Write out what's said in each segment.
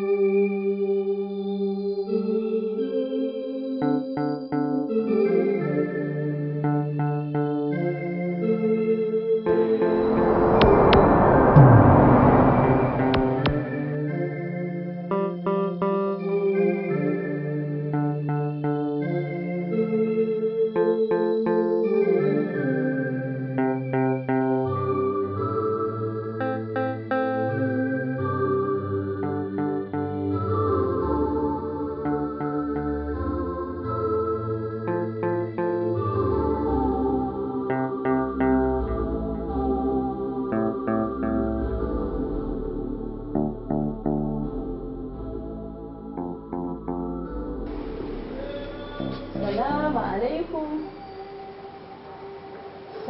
Thank you.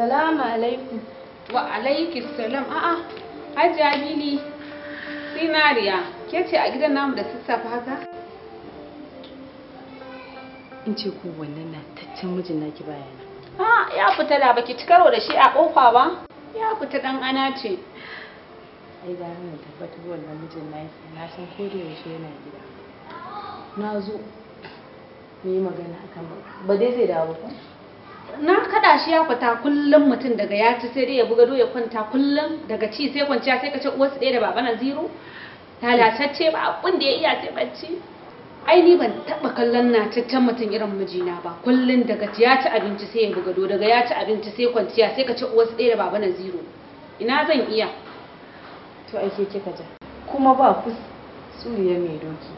assalamu alaikum wa alaikis salam a'a hajji amini sinariya ke ce a gidan namu da sassafe haka in ce ko wannan na taccen mijin naki bayana a ya fita da baki ci karo da shi a kofa ba ya fita dan ana ce ai da na tabbatar wannan mijin naki na san ko da yaushe yana gida na zo mu yi magana akan ba dai zai dawo ba na kada shi ya fita kullum mutum daga ya ci sai dai ya bugado ya kwanta kullum daga ci sai kwanciya sai ka ce uwarsu ɗaya da baba na zero lalatacce ba abun da ya iya sai bacci ai ni ban taba kallon na caccan mutum irin mijina ba kullum daga ci ya ci abinci sai ya bugado daga ya ci abinci sai kwanciya sai ka ce uwarsu su da baba na zero ina zan iya to ake kika ja kuma ba ku suriya mai doki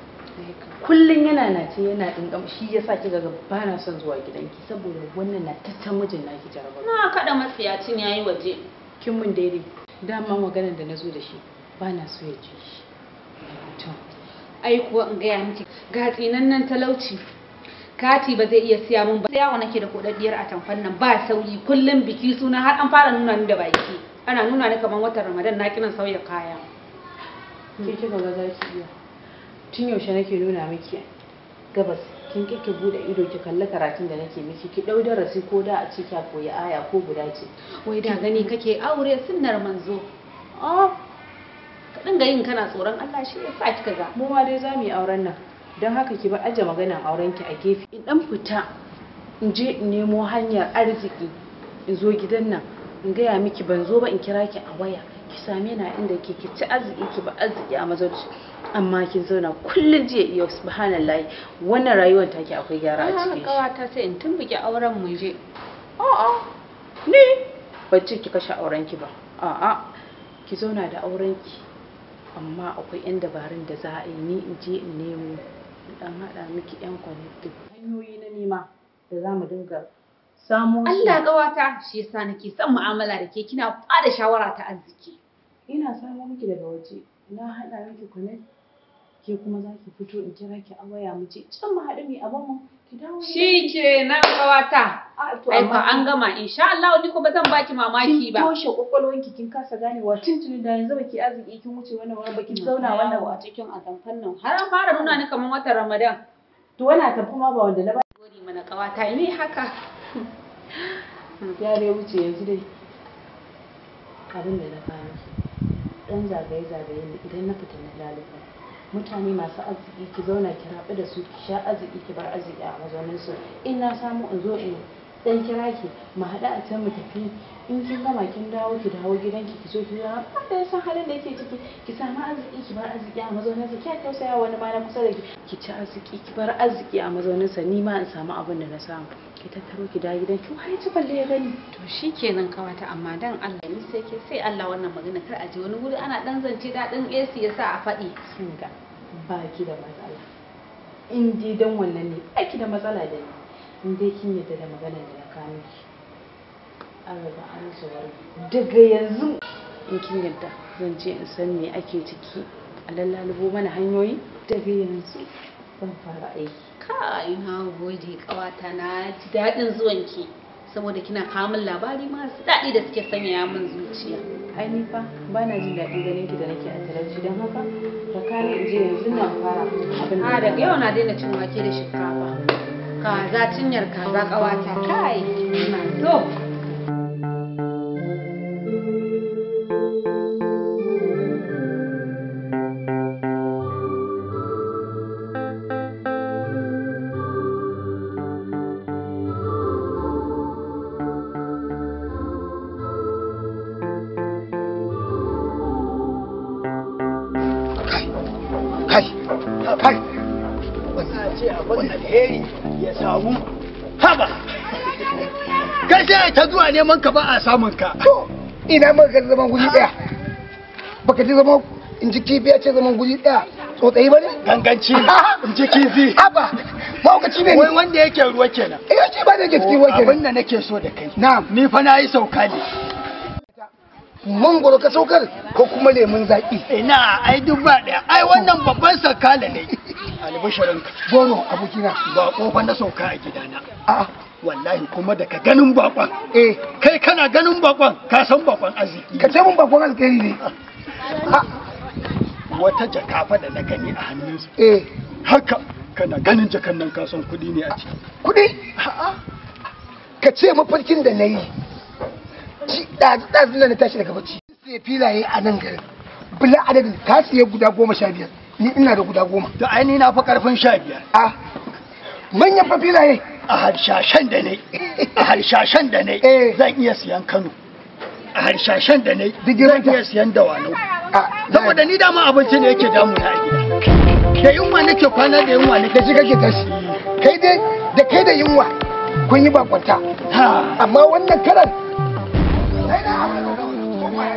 kullum yana na ce yana ɗan shi ya sa kiga ga ba na son zuwa gidanki saboda wannan na ta mijin naki jarabar na kada ya yayi waje kin mun daidai dama maganar da nazo da shi ba na so ya ji shi ai kuwa in gaya miki ga tsinannan talauci kati ba zai iya siya mun ba sai yawo nake da kudaddiyar a tamfan nan ba sauyi. kullum biki suna har an fara nuna ni da baki ana nuna ni kamar watan ramadan na kiran sauya kaya ke kika ga zaki iya tun yaushe nake nuna miki gabas kin kike bude ido ki kalli karatun da nake miki ki dau darasi ko da a ce kya koyi aya ko guda ce wai da gani kake aure sunnar manzo oh ka dinga yin kana tsoron Allah shi yasa kika ga mu ma dai za mu yi auren nan don haka ki bar aje magana auren ki a gefe in dan fita in je in nemo hanyar arziki in zo gidan nan in gaya miki ban zo ba in kira ki a waya ki same na inda ke ci arziki ki ba arziki a mazauci amma kin zauna kullum jiya iya subhanallahi wannan rayuwar take akwai gyara a ciki ta sai in tumbuke auren mu je a'a ni bacci ki kashe auren ki ba a'a ki zauna da auren ki amma akwai yan dabarun da za a yi ni in je in nemo dan hada miki yan connective hanyoyi na nima da za mu dinga samu Allah kawata shi yasa nake son mu'amala da ke kina bada shawara ta arziki ina samu miki daga waje na haɗa miki connect ke kuma za ki fito in kira ki a waya mu ce can mu haɗu mu abin mu ki dawo shi ke nan kawata ai fa an gama insha Allah ni ko ba zan baki mamaki ba kin toshe kokolwanki kin kasa gane wa tuni da yanzu baki arziki kin wuce wannan wani baki zauna wannan a cikin atamfan nan har an fara nuna ni kaman watan Ramadan to wannan atamfa ma ba wanda na ba gori mana kawata ne haka ya dai wuce yanzu dai abin da na fara ɗan zagaye-zagaye ne idan na fita na lalata mutane masu arziki ki zauna ki rabu da su ki sha arziki ki bar arziki a mazaunin su in na samu in zo in dan kira ki mu haɗu a can mu tafi in kin gama kin dawo ki dawo gidanki ki zo ki zo ba da yasan halin da yake ciki ki samu arziki ki bar arziki a mazaunin sa kya tausaya wani ma na kusa da ki ki ci arziki ki bar arziki a mazaunin sa ni ma in samu abin da na samu ki tattaro ki dawo gidanki wai ci balle ya gani to shikenan kawata amma dan Allah ni sai ke sai Allah wannan magana kar a je wani wuri ana dan zance dadin AC sa a faɗi kin ga baki da matsala in dai dan wannan ne baki da matsala da ni in dai kin yadda da maganar da na kawo miki an riga an zuwar daga yanzu in kin yadda zan je in san me ake ciki a lallalubo mana hanyoyi daga yanzu zan fara aiki kai na gode kawata na ji daɗin zuwanki saboda kina kawo min labari masu daɗi da suke sanya min zuciya ai ni fa ba na jin daɗin ganin ki da nake a talauci don haka da kani in je yanzu na fara abin da ah, daga yau na daina cin wake da shinkafa kaza cinyar kaza kawata kai to Kai! Kai! na ce abin alheri ya samu haba kai sai ta zuwa neman ka ba a samun ka ina ma ka zaman guji daya baka ji zaman in ji kifi ya ce zaman guji daya tsotsayi ba ne ganganci ne in ji kifi haba maukaci ne wai wanda yake ruwa kenan eh ce ba da yake ruwa kenan abin da nake so da kai na'am ni fa na yi sauka ne mangoro ka saukar ko kuma lemun zaki ina ai duk ba ɗaya? ai wannan babban sakala ne albisharin goro abokina ba kofar na sauka a gidana a wallahi kuma daga ganin bakon eh kai kana ganin bakon ka san bakon arziki ka ce mun bakon alkairi ne wata jaka fa da na gani a hannunsa eh haka kana ganin jakan nan ka san kuɗi ne a ciki kuɗi ka ce mafarkin da na yi ɗazin da na tashi daga bacci sai filaye a nan garin bila adadin ta siya guda goma sha biyar ni ina da guda goma to ai ni na fa karfin sha biyar a manyan fa filaye a harshashen da ne a harshashen da ne eh. zan iya siyan kano a harshashen da ne zan iya siyan dawanau saboda ni dama abinci ne yake damu na a gida da yunwa nake kwana da yunwa nake shi kake tashi kai dai da kai da yunwa kun yi bakwanta amma wannan karan sai na abu da kuma ya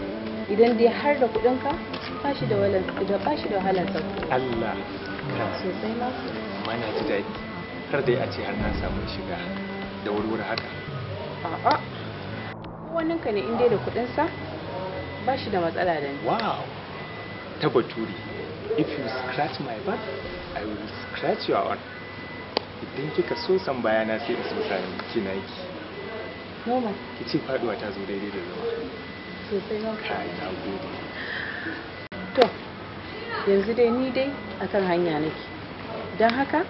idan dai har da kuɗinka ba shi da wahalar ta Allah sosai ma amma na ji daɗi har dai a ce har na samu shiga da wurwuri haka a'a ka ne in dai da kuɗinsa ba shi da matsala da ni wow ta baturi if you scratch my back i will scratch your own idan kika so san bayana sai in so kina yi noma ki ce faduwa ta zo daidai da zama to sai na to yanzu dai ni dai akan hanya nake don haka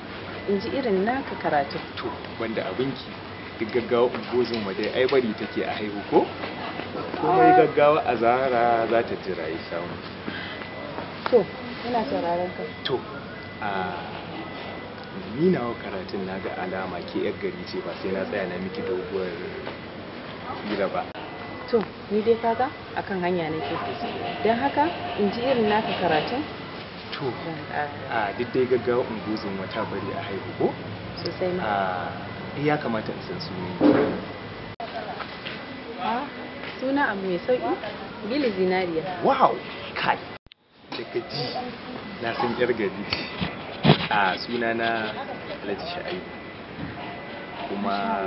in ji irin naka karatu to wanda abinki duk gaggawa ungozin ma dai ai bari take a haihu ko komai ah. gaggawa a zahara za ta jira yi samu to ina sauraron ka to a ni nawa karatun na ga alama ke yar gari ce ba sai na tsaya na miki doguwar hira ba to ni dai kaga akan hanya nake don haka in ji irin naka karatu to a duk gaggawa in guzun wata bari a haihu ko sosai ma eh, ya kamata in san sunan a suna abu mai sauki gili zinariya wow kai daga ji na san yar gari a suna na alhaji sha'ibu kuma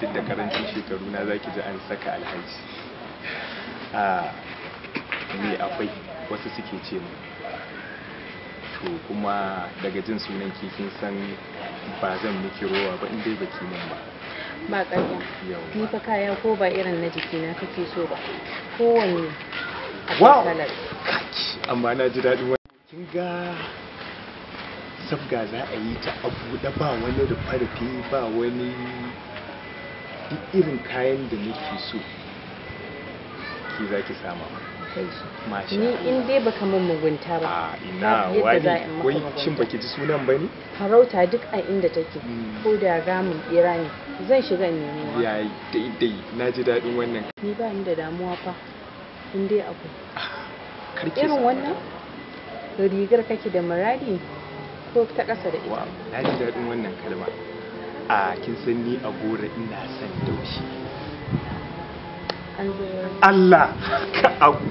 duk da karancin shekaru na zaki ji an saka alhaji a me akwai wasu suke ce mu to kuma daga jin sunan kikin san ba zan miki rowa ba in dai baki mun ba ba ƙarya ni fa kaya ko ba irin na jikina kake so ba kowanne a kalar amma na ji daɗin wani kin ga sabga za a yi ta abu da ba wani rufarfi ba wani duk irin kayan da nake so ki za ki sama ni in dai baka min mugunta ba ina wani wai shin baki ji sunan ba ne farauta duk a inda take hmm. ko da ramin bera ne zan shiga in nemi ya daidai na ji daɗin wannan ni ba ni da damuwa fa in dai abu irin wannan rigar kake da muradi ko ta ƙasa da ita na ji daɗin wannan kalma a kin san ni a gora ina son daushi Allah ka abu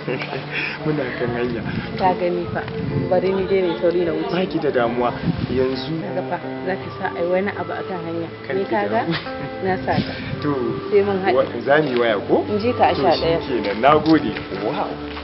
muna kan hanya ta gani fa bari ni dai ne sauri na wuce baki da damuwa yanzu Daga fa za ki sa yi wani abu kan hanya ni ga? na sa ka. to sai mun haɗu za mu yi waya ko in ji ka a sha ɗaya to shikenan wow